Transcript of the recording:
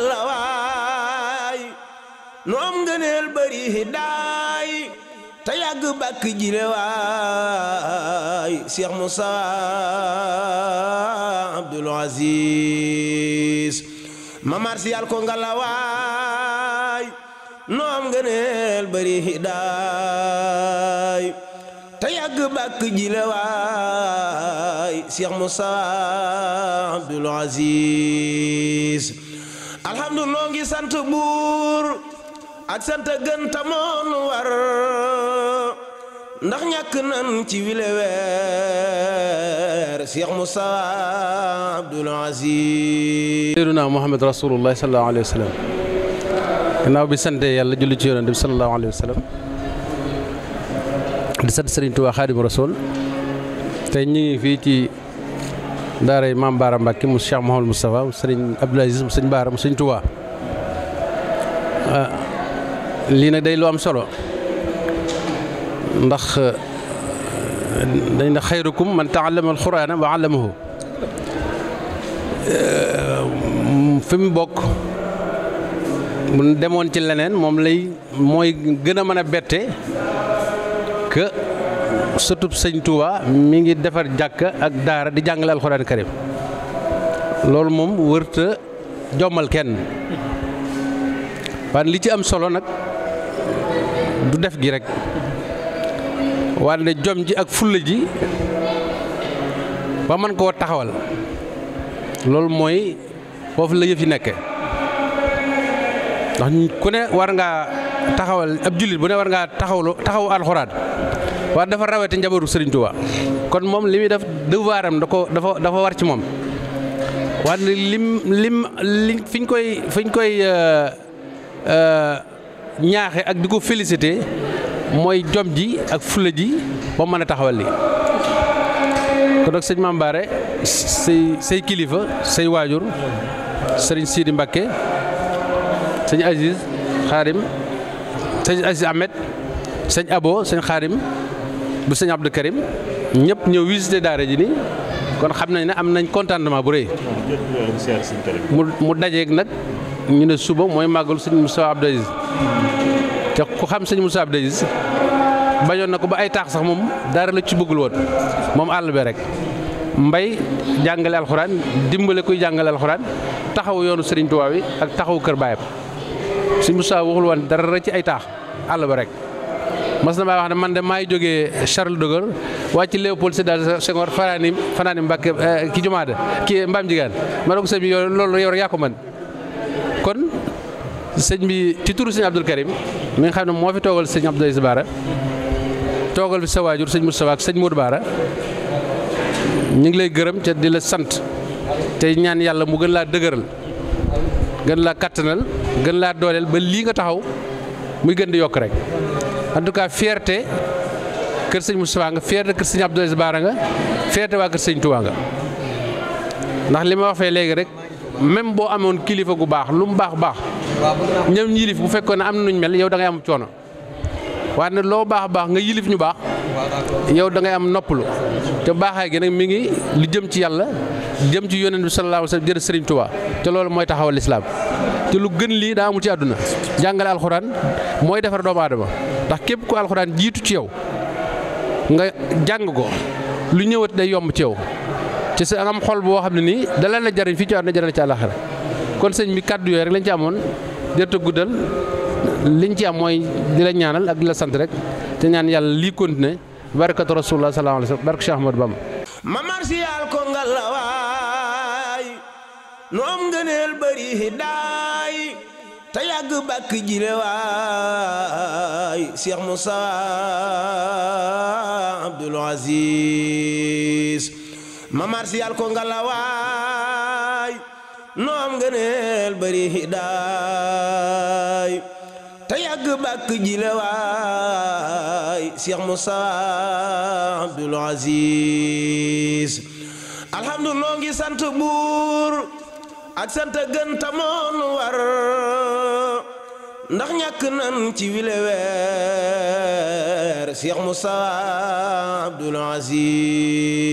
la waay nu am ngëneel bari hidaay te yàgg bàkk jile waay am ngëneel bari alhamdu noo ngi sant buur ak sant gën tamoonu war ndax ñàkk nan ci wile weer Cheikh Moussa Abdoul Aziz Seydina Muhammad rasulullah sallallahu alayhi wa sallam gannaaw bi sante yàlla julli ci yonent bi sallallahu alayhi wa sallam di sant Serigne Touba Xaadimu Rasul tey ñu fii ci daara yi maam Baara Mbacke mu Cheikh Mouhamadou Moustapha mu sëriñ Abdoul Aziz mu sëriñ Baara mu sëriñ Touba euh, lii nag day lu am solo ndax euh, dañ na xayrukum man taallama xuraana wa allamahu euh, fi mu bokk bu demoon ci leneen moom lay mooy gën a mën a bette que sëtub sëñ Touba mi ngi defar jàkk ak daara di jàngale alxuraan karim loolu moom wërta jommal kenn waaye li ci am solo nag du def gi rek waaye jom ji ak fulla ji ba mën koo taxawal loolu mooy foofu la yëf yi nekke ndax ku ne war ngaa taxawal ab jullit bu ne war ngaa taxawlu taxawu alxuraan waaye dafa rawete njabootu Sëriñ Tuubaa kon moom li muy def devoiram da ko dafa war ci moom waaye lim lim li fi ñu koy fi ñu euh, euh, ñaaxe ak di ko félicité mooy jom ji ak fula ji ba mën a taxawal li kon nag sëñ Mame Bara say kilifa say waajur sëriñ Sidi Mbakke sëñ Aziz Xaarim sëñ Aziz Ahmed sëñ Abo sëñ Xaarim bu sëñ Abdou Karim ñëpp ñëw visité daara ji nii kon xam nañ ne am nañ contentement bu rëy. mu mu dajeeg nag ñu ne suba mooy màggal sëñ Moussa Abdou Aziz te ku xam sëñ Moussa Abdou Aziz bañoon na ko ba ay taax sax moom daara la ci bëggul woon moom àll be rek. mbay jàngale alxuraan dimbale kuy jàngale alxuraan taxaw yoonu Serigne Touba wi ak taxaw kër baayam sëñ Moussa waxul woon dara ci ay taax àll rek. mas na maa wax ne man de maay jógee Charles de Gaulle wàcc Léopold Sédar Senghor fanaani fanaani Mbàkke ki eh, jumaada ki mbaam jigaan ma ne ko sëñ bi yow loolu kon sëñ bi ci turu sëñ Abdul Karim moo fi toogal sëñ Abdou toogal fi sa waajur sëñ sëñ Modou Bara ñu ngi lay gërëm te di la sant te ñaan yàlla mu gën laa dëgëral gën laa kattanal gën laa dooleel ba lii nga taxaw muy gën di yokk rek en tout cas fierté kër sëñ Moustapha nga fierté kër sëñ Abdoulaye Bara nga fierté waa kër sëñ Touba nga ndax li ma wax fee léegi rek même boo amoon kilifa gu baax lu mu baax baax ñoom yilif bu fekkoon ne am na nuñ mel yow da ngay am coono waaye loo baax baax nga yilif ñu baax yow da ngay am noppalu te baaxaay gi nag mi ngi lu jëm ci yàlla jëm ci yonent bi sallallahu alayhi wasallam jërë sëriñ Touba te loolu mooy taxawal lislaam te lu gën lii daa amul ci àdduna jàngale alxuraan mooy defar doomu aadama ndax képp ku alxuraan jiitu ci yow nga jàng ko lu ñëwat day yomb ci yow ci sa am xol boo xam ne nii dala la jariñ fii ci àdduna jariñ ci àllaxira kon sëñ bi kàddu yooyu rek lañ ci amoon jërta guddal liñ ci am mooy di la ñaanal ak di la sant rek te ñaan yàlla lii ne barakatu rasulullah sallallahu alayhi wa sallam barke Cheikh Ahmadou Bamba mamar si yàll ko nga lawaay nu am ngëneel bëri hidaay yàgg bàkk jile waay Cheikh Moussa Abdoul Aziz mamar si yàl ko ngalawaay noo am ngëneel hidaay te yàgg bàkk jile waay Cheikh Moussa Abdoul Aziz alhamdu noo sant buur ak sant gën tamoon war ndax ñàkk nan ci wile weer Cheikh Moussa Abdoul Aziz